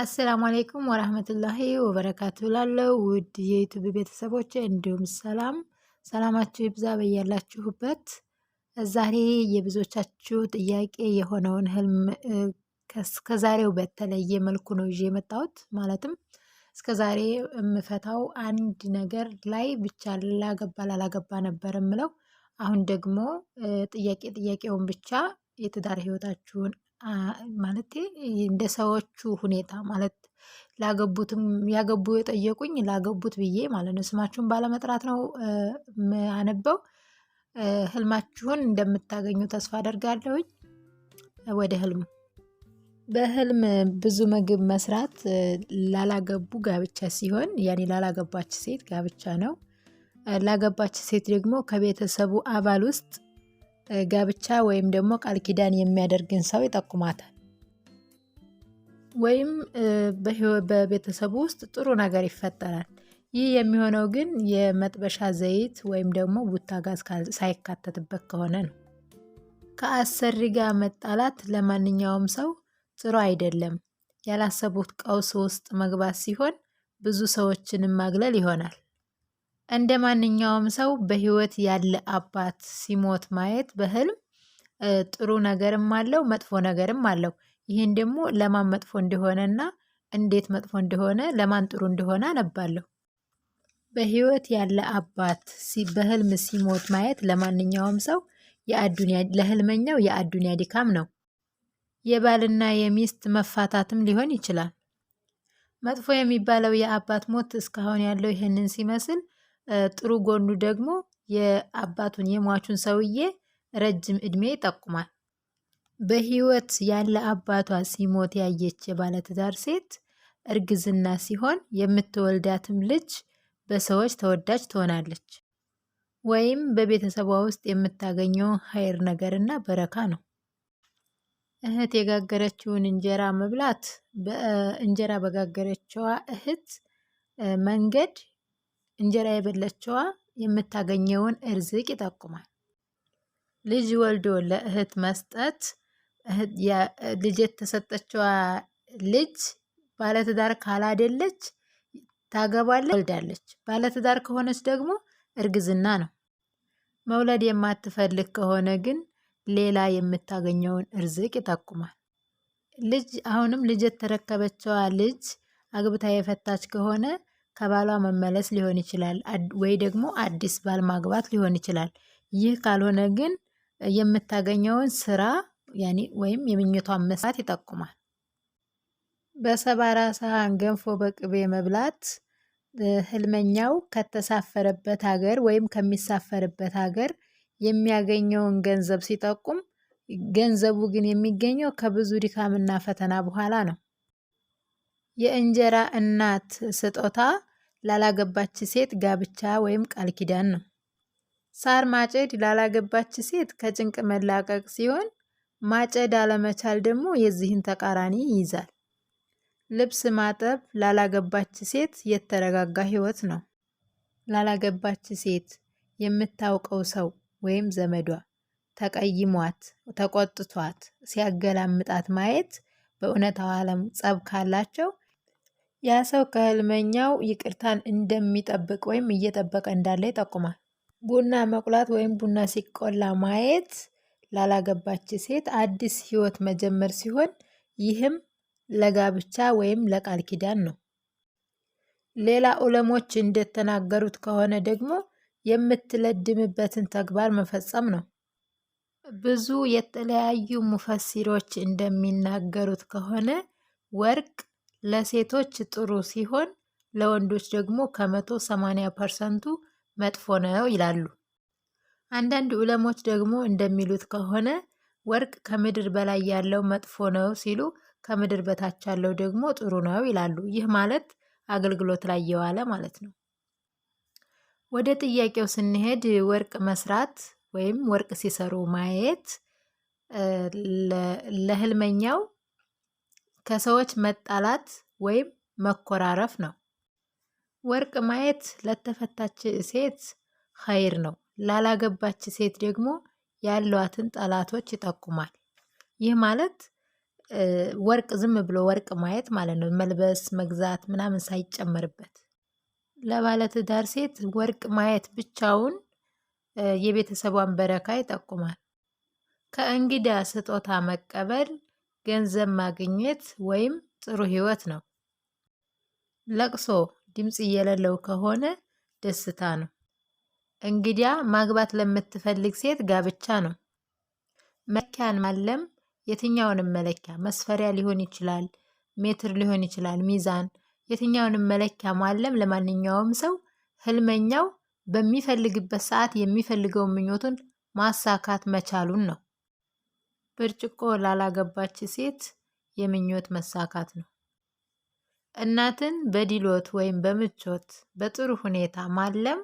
አሰላሙ አሌይኩም ወራህመቱላሂ ወበረካቱ ላለው ውድ የዩቱብ ቤተሰቦች እንዲሁም ሰላም ሰላማችሁ ይብዛ በያላችሁበት። ዛሬ የብዙዎቻችሁ ጥያቄ የሆነውን ህልም ከዛሬው በተለየ መልኩ ነው ይዤ የመጣሁት። ማለትም እስከ ዛሬ የምፈታው አንድ ነገር ላይ ብቻ ላገባ ላላገባ ነበር የምለው። አሁን ደግሞ ጥያቄ ጥያቄውን ብቻ የትዳር ህይወታችሁን ማለት እንደ ሰዎቹ ሁኔታ ማለት ላገቡትም ያገቡ የጠየቁኝ ላገቡት ብዬ ማለት ነው። ስማችሁን ባለመጥራት ነው አነበው። ህልማችሁን እንደምታገኙ ተስፋ አደርጋለሁኝ። ወደ ህልሙ በህልም ብዙ ምግብ መስራት ላላገቡ ጋብቻ ሲሆን ያኔ ላላገባች ሴት ጋብቻ ነው። ላገባች ሴት ደግሞ ከቤተሰቡ አባል ውስጥ ጋብቻ ወይም ደግሞ ቃል ኪዳን የሚያደርግን ሰው ይጠቁማታል። ወይም በቤተሰቡ ውስጥ ጥሩ ነገር ይፈጠራል። ይህ የሚሆነው ግን የመጥበሻ ዘይት ወይም ደግሞ ቡታ ጋዝ ሳይካተትበት ከሆነ ነው። ከአሰሪ ጋር መጣላት ለማንኛውም ሰው ጥሩ አይደለም። ያላሰቡት ቀውስ ውስጥ መግባት ሲሆን ብዙ ሰዎችንም ማግለል ይሆናል። እንደ ማንኛውም ሰው በህይወት ያለ አባት ሲሞት ማየት በህልም ጥሩ ነገርም አለው፣ መጥፎ ነገርም አለው። ይህን ደግሞ ለማን መጥፎ እንደሆነና እንዴት መጥፎ እንደሆነ ለማን ጥሩ እንደሆነ አነባለሁ። በህይወት ያለ አባት በህልም ሲሞት ማየት ለማንኛውም ሰው ለህልመኛው የአዱኒያ ድካም ነው። የባልና የሚስት መፋታትም ሊሆን ይችላል። መጥፎ የሚባለው የአባት ሞት እስካሁን ያለው ይህንን ሲመስል ጥሩ ጎኑ ደግሞ የአባቱን የሟቹን ሰውዬ ረጅም እድሜ ይጠቁማል። በህይወት ያለ አባቷ ሲሞት ያየች የባለትዳር ሴት እርግዝና ሲሆን የምትወልዳትም ልጅ በሰዎች ተወዳጅ ትሆናለች። ወይም በቤተሰቧ ውስጥ የምታገኘው ሀይር ነገርና በረካ ነው። እህት የጋገረችውን እንጀራ መብላት በእንጀራ በጋገረችዋ እህት መንገድ እንጀራ የበለችዋ የምታገኘውን እርዝቅ ይጠቁማል። ልጅ ወልዶ ለእህት መስጠት ልጅ የተሰጠችዋ ልጅ ባለትዳር ካላደለች ታገባለች፣ ወልዳለች። ባለትዳር ከሆነች ደግሞ እርግዝና ነው። መውለድ የማትፈልግ ከሆነ ግን ሌላ የምታገኘውን እርዝቅ ይጠቁማል። ልጅ አሁንም ልጅ የተረከበችዋ ልጅ አግብታ የፈታች ከሆነ ከባሏ መመለስ ሊሆን ይችላል፣ ወይ ደግሞ አዲስ ባል ማግባት ሊሆን ይችላል። ይህ ካልሆነ ግን የምታገኘውን ስራ ወይም የምኞቷን መስራት ይጠቁማል። በሰባራ ሰሃን ገንፎ በቅቤ መብላት ህልመኛው ከተሳፈረበት ሀገር ወይም ከሚሳፈርበት ሀገር የሚያገኘውን ገንዘብ ሲጠቁም፣ ገንዘቡ ግን የሚገኘው ከብዙ ድካምና ፈተና በኋላ ነው። የእንጀራ እናት ስጦታ ላላገባች ሴት ጋብቻ ወይም ቃል ኪዳን ነው። ሳር ማጨድ ላላገባች ሴት ከጭንቅ መላቀቅ ሲሆን ማጨድ አለመቻል ደግሞ የዚህን ተቃራኒ ይይዛል። ልብስ ማጠብ ላላገባች ሴት የተረጋጋ ህይወት ነው። ላላገባች ሴት የምታውቀው ሰው ወይም ዘመዷ ተቀይሟት፣ ተቆጥቷት ሲያገላምጣት ማየት በእውነታው ዓለም ጸብ ካላቸው ያ ሰው ከህልመኛው ይቅርታን እንደሚጠብቅ ወይም እየጠበቀ እንዳለ ይጠቁማል። ቡና መቁላት ወይም ቡና ሲቆላ ማየት ላላገባች ሴት አዲስ ህይወት መጀመር ሲሆን ይህም ለጋብቻ ወይም ለቃል ኪዳን ነው። ሌላ ዑለሞች እንደተናገሩት ከሆነ ደግሞ የምትለድምበትን ተግባር መፈጸም ነው። ብዙ የተለያዩ ሙፈሲሮች እንደሚናገሩት ከሆነ ወርቅ ለሴቶች ጥሩ ሲሆን ለወንዶች ደግሞ ከመቶ ሰማንያ ፐርሰንቱ መጥፎ ነው ይላሉ። አንዳንድ ዑለሞች ደግሞ እንደሚሉት ከሆነ ወርቅ ከምድር በላይ ያለው መጥፎ ነው ሲሉ፣ ከምድር በታች ያለው ደግሞ ጥሩ ነው ይላሉ። ይህ ማለት አገልግሎት ላይ የዋለ ማለት ነው። ወደ ጥያቄው ስንሄድ ወርቅ መስራት ወይም ወርቅ ሲሰሩ ማየት ለህልመኛው ከሰዎች መጣላት ወይም መኮራረፍ ነው። ወርቅ ማየት ለተፈታች ሴት ኸይር ነው። ላላገባች ሴት ደግሞ ያሏትን ጠላቶች ይጠቁማል። ይህ ማለት ወርቅ ዝም ብሎ ወርቅ ማየት ማለት ነው። መልበስ፣ መግዛት ምናምን ሳይጨመርበት ለባለትዳር ሴት ወርቅ ማየት ብቻውን የቤተሰቧን በረካ ይጠቁማል። ከእንግዳ ስጦታ መቀበል ገንዘብ ማግኘት ወይም ጥሩ ህይወት ነው። ለቅሶ ድምፅ እየሌለው ከሆነ ደስታ ነው። እንግዲያ ማግባት ለምትፈልግ ሴት ጋብቻ ነው። መለኪያን ማለም የትኛውንም መለኪያ መስፈሪያ ሊሆን ይችላል፣ ሜትር ሊሆን ይችላል፣ ሚዛን፣ የትኛውንም መለኪያ ማለም ለማንኛውም ሰው ህልመኛው በሚፈልግበት ሰዓት የሚፈልገውን ምኞቱን ማሳካት መቻሉን ነው። ብርጭቆ ላላገባች ሴት የምኞት መሳካት ነው። እናትን በዲሎት ወይም በምቾት በጥሩ ሁኔታ ማለም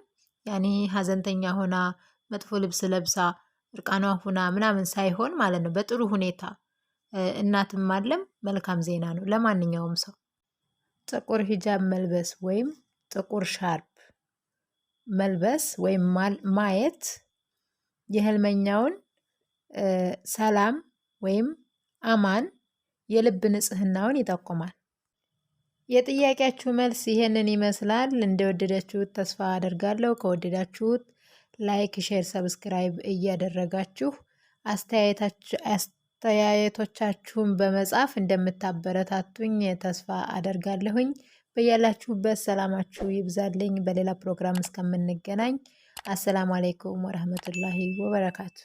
ያኔ ሀዘንተኛ ሆና መጥፎ ልብስ ለብሳ እርቃኗ ሁና ምናምን ሳይሆን ማለት ነው። በጥሩ ሁኔታ እናትን ማለም መልካም ዜና ነው ለማንኛውም ሰው። ጥቁር ሂጃብ መልበስ ወይም ጥቁር ሻርፕ መልበስ ወይም ማየት የህልመኛውን ሰላም ወይም አማን የልብ ንጽህናውን ይጠቁማል። የጥያቄያችሁ መልስ ይሄንን ይመስላል። እንደወደዳችሁት ተስፋ አደርጋለሁ። ከወደዳችሁት ላይክ፣ ሼር፣ ሰብስክራይብ እያደረጋችሁ አስተያየቶቻችሁን በመጻፍ እንደምታበረታቱኝ ተስፋ አደርጋለሁኝ። በያላችሁበት ሰላማችሁ ይብዛልኝ። በሌላ ፕሮግራም እስከምንገናኝ አሰላሙ አሌይኩም ወረህመቱላሂ ወበረካቱ።